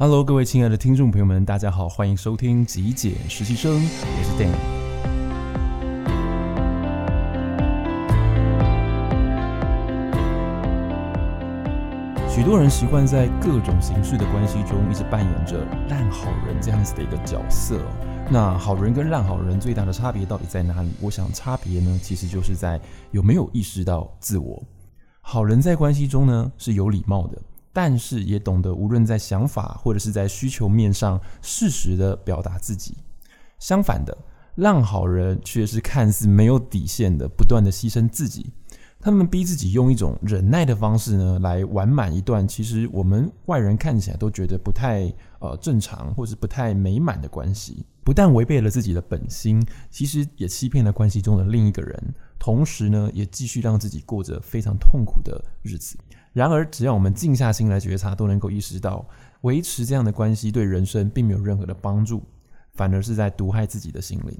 Hello，各位親愛的聽眾朋友們，大家好，歡迎收聽《極簡實習生》，我是 Dan。許多人習慣在各種形式的關係中，一直扮演着爛好人這樣子的一個角色。那好人跟爛好人最大的差別到底在哪裡？我想差別呢，其實就是在有沒有意識到自我。好人在關係中呢，是有禮貌的。但是也懂得無論在想法或者是在需求面上適時的表達自己。相反的，爛好人卻是看似沒有底線的，不斷的犧牲自己。他們逼自己用一種忍耐的方式呢，來完滿一段其實我們外人看起來都覺得不太呃正常或者不太美滿的關係。不但違背了自己的本心，其實也欺騙了關係中的另一個人。同時呢，也繼續讓自己過着非常痛苦的日子。然而，只要我們靜下心來覺察，都能夠意識到，維持這樣的關係對人生並沒有任何的幫助，反而是在毒害自己的心靈。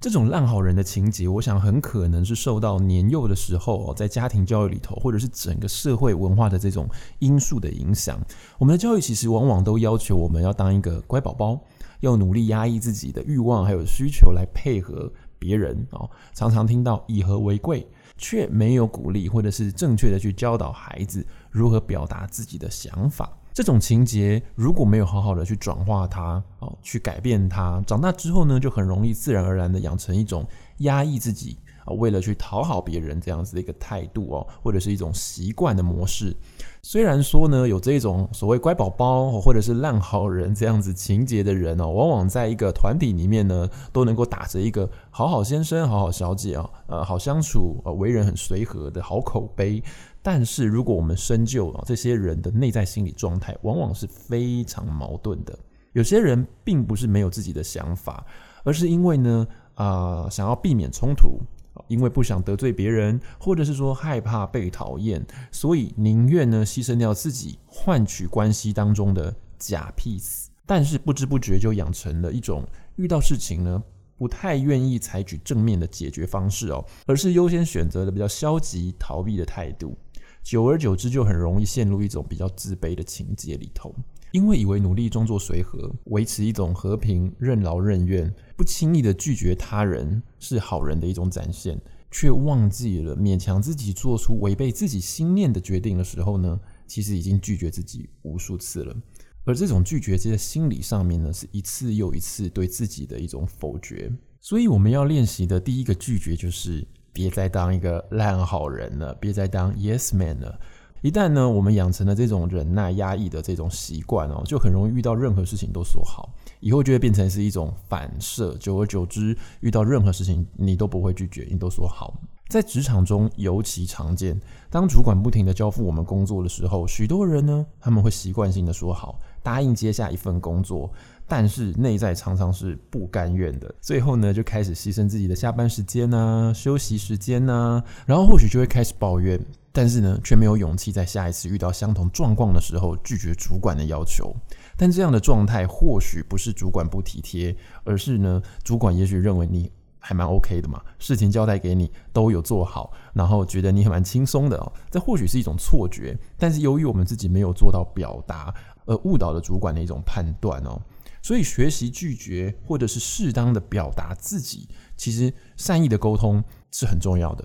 這種爛好人的情結，我想很可能是受到年幼的時候在家庭教育裡頭，或者是整個社會文化的這種因素的影響。我們的教育其實往往都要求我們要當一個乖寶寶，要努力壓抑自己的欲望還有需求來配合別人，哦，常常聽到以和為貴，卻沒有鼓勵或者是正確的去教導孩子如何表達自己的想法。這種情節如果沒有好好的去轉化它，哦，去改變它，長大之後呢，就很容易自然而然的養成一種壓抑自己。為了去討好別人這樣子的一個態度哦，或者是一種習慣的模式。雖然說呢，有這種所謂乖寶寶或者是爛好人這樣子情結的人哦，往往在一個團體裡面呢，都能夠打着一個好好先生、好好小姐啊、哦，呃，好相處、呃、為人很隨和的好口碑。但是如果我們深究這些人的內在心理狀態，往往是非常矛盾的。有些人並不是沒有自己的想法，而是因為呢，啊、呃，想要避免衝突。因為不想得罪別人，或者是說害怕被討厭，所以寧願呢犧牲掉自己，換取關係當中的假 peace。但是不知不覺就養成了一種遇到事情呢不太願意採取正面的解決方式哦，而是優先選擇了比較消極逃避的態度。久而久之，就很容易陷入一種比較自卑的情結裡頭。因為以為努力裝作隨和，維持一種和平，任勞任怨，不輕易的拒絕他人，是好人的一種展現，卻忘記了勉強自己做出違背自己心念的決定的時候呢，其實已經拒絕自己無數次了。而這種拒絕，在心理上面呢，是一次又一次對自己的一種否決。所以我們要練習的第一個拒絕，就是別再當一個爛好人了，別再當 yes man 了。一旦呢，我們養成了這種忍耐壓抑的這種習慣哦，就很容易遇到任何事情都說好，以後就會變成是一種反射，久而久之，遇到任何事情你都不會拒絕，你都說好。在職場中尤其常見。當主管不停的交付我們工作的時候，許多人呢他們會習慣性的說好，答應接下一份工作，但是內在常常是不甘願的。最後呢就開始犧牲自己的下班時間啊、休息時間啊，然後或許就會開始抱怨，但是呢卻沒有勇氣在下一次遇到相同狀況的時候拒絕主管的要求。但這樣的狀態或許不是主管不體貼，而是呢主管也許認為你。還蠻 OK 的嘛，事情交代給你都有做好，然後覺得你還蠻輕鬆的哦。這或許是一種錯覺，但是由於我們自己沒有做到表達，呃，誤導了主管的一種判斷哦。所以學習拒絕或者是適當的表達自己，其實善意的溝通是很重要的。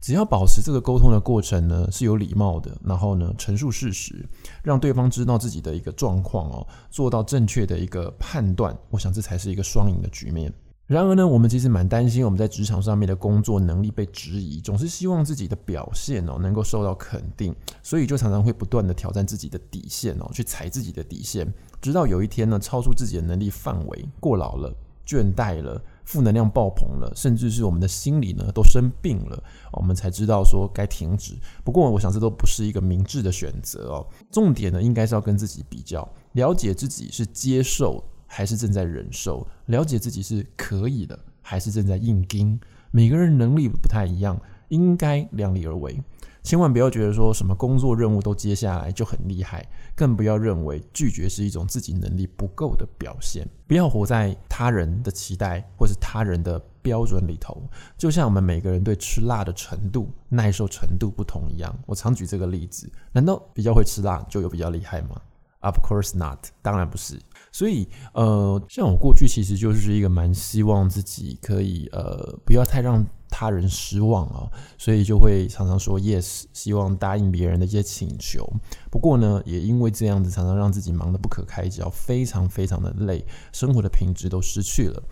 只要保持這個溝通的過程呢是有禮貌的，然後呢陳述事實，讓對方知道自己的一個狀況哦，做到正確的一個判斷，我想這才是一個雙贏的局面。然而呢，我們其實蠻擔心我們在職場上面的工作能力被質疑，總是希望自己的表現哦能夠受到肯定，所以就常常會不斷地挑戰自己的底線哦，去踩自己的底線，直到有一天呢，超出自己的能力範圍，過勞了，倦怠了，負能量爆棚了，甚至是我們的心理呢都生病了，我們才知道說該停止。不過我想這都不是一個明智的選擇哦。重點呢，應該是要跟自己比較，了解自己，是接受。還是正在忍受，了解自己是可以的；還是正在硬拼，每個人能力不太一樣，應該量力而為。千萬不要覺得說什麼工作任務都接下來就很厲害，更不要認為拒絕是一種自己能力不夠的表現。不要活在他人的期待或是他人的標準裡頭，就像我們每個人對吃辣的程度，耐受程度不同一樣。我常舉這個例子，難道比較會吃辣就有比較厲害嗎？Of course not，當然不是。所以，呃，像我過去其實就是一個蠻希望自己可以，呃，不要太讓他人失望啊，哦，所以就會常常說 yes，希望答應別人的一些請求。不過呢，也因為這樣子，常常讓自己忙得不可開交，非常非常的累，生活的品質都失去了。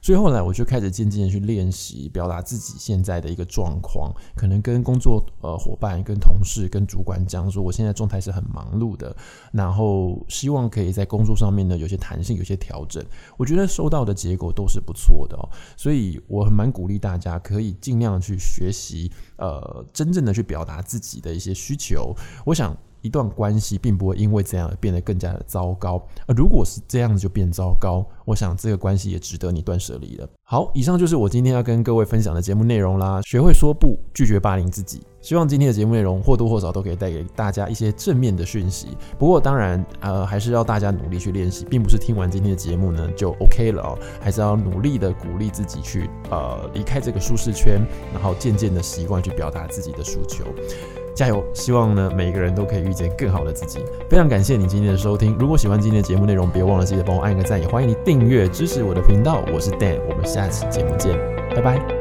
所以後來我就開始漸漸的去練習表達自己現在的一個狀況，可能跟工作呃夥伴、跟同事、跟主管講說，我現在狀態是很忙碌的，然後希望可以在工作上面呢有些彈性，有些調整。我覺得收到的結果都是不錯的哦，所以我很蠻鼓勵大家可以。盡量去學習，呃，真正的去表達自己的一些需求。我想，一段關係並不會因為這樣而變得更加的糟糕。而，呃，如果是這樣子就變糟糕，我想這個關係也值得你斷捨離的。好，以上就是我今天要跟各位分享的節目內容啦。學會說不，拒絕霸凌自己。希望今天的節目內容或多或少都可以帶給大家一些正面的訊息。不過當然，呃，還是要大家努力去練習，並不是聽完今天的節目呢就 OK 了哦，還是要努力的鼓勵自己去呃離開這個舒適圈，然後漸漸的習慣去表達自己的訴求。加油！希望呢每個人都可以遇見更好的自己。非常感謝你今天的收聽。如果喜歡今天的節目內容，別忘了記得幫我按個讚，也歡迎你訂閱支持我的頻道。我是 Dan，我們下。下次節目見，拜拜。